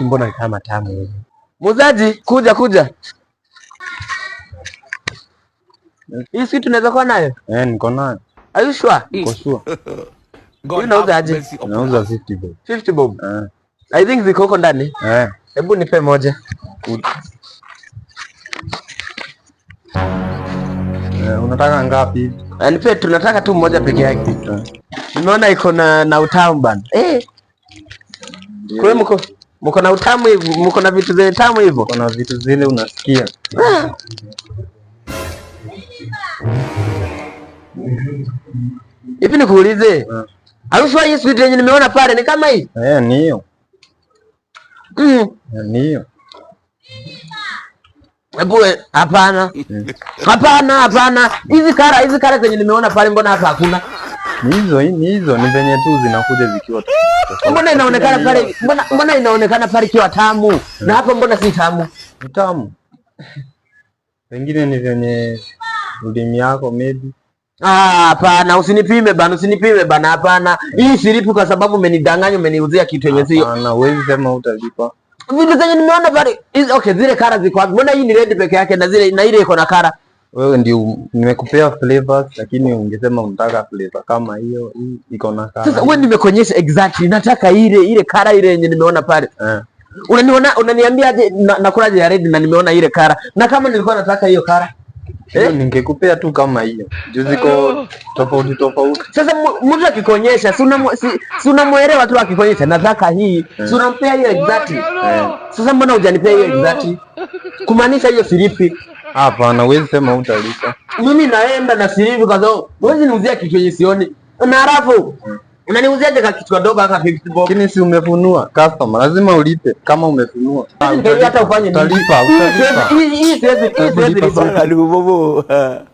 mbona kama tamu hivi? Muuzaji, kuja kuja. Hii kitu tunaweza kuwa nayo? Eh, niko nayo. Are you sure? Niko sure. Hii nauza aje? Nauza 50 bob. 50 bob. Eh. I think ziko huko ndani. Eh. Hebu nipe moja. Eh, unataka ngapi? Eh, nipe, tunataka tu moja peke yake. Eh. Nimeona iko na na utamu bana. Eh. Kwa hiyo mko mko na utamu hivi, mko na vitu zile tamu hivyo. Kuna vitu zile unasikia. Ah. Hivi nikuulize. Ah. Harufu hii sweet yenye nimeona pale ni kama hii? Eh, ni hiyo. Mm. Eh, ni hiyo. Hebu hapana. Mm. Hapana, hapana. Hizi kara, hizi kara zenye nimeona pale mbona hapa hakuna? Ni hizo ni hizo ni venye tu zinakuja zikiwa. tu. Mbona inaonekana pale, mbona mbona inaonekana pale kiwa tamu na hapo, mbona si tamu? Ni tamu. Pengine ni venye ulimi yako maybe. Ah, hapana, usinipime bana, usinipime bana, hapana. Hii silipu kwa sababu umenidanganya, umeniuzia kitu yenye sio. Hapana, wewe sema utalipa. Vile zenye nimeona pale, okay, zile kara ziko wapi? Mbona hii ni red peke yake na zile na ile iko na kara? wewe ndio nimekupea flavors, lakini ungesema unataka flavor kama hiyo, iko na kara. Sasa wewe nimekuonyesha exactly, nataka ile ile kara ile yenye nimeona pale eh. Unaniona, unaniambia aje nakula na red na nimeona ile kara, na kama nilikuwa nataka hiyo kara eh, ningekupea tu kama hiyo juu ziko oh. tofauti tofauti. Sasa mtu akikuonyesha, si unamuelewa tu, akikuonyesha nataka hii eh, si unampea hiyo exactly eh. Sasa mbona hujanipea hiyo exactly, kumaanisha hiyo silipi Hapana, huwezi sema utalipa. Mimi naenda na shilingi kadhaa. Huwezi niuzia kitu yenye sioni. Na halafu unaniuziaje ka kitu kadogo haka 50 bob? Lakini si umefunua customer, lazima ulipe kama umefunua. Hata ufanye nini? Utalipa, utalipa. Hii siwezi, hii siwezi.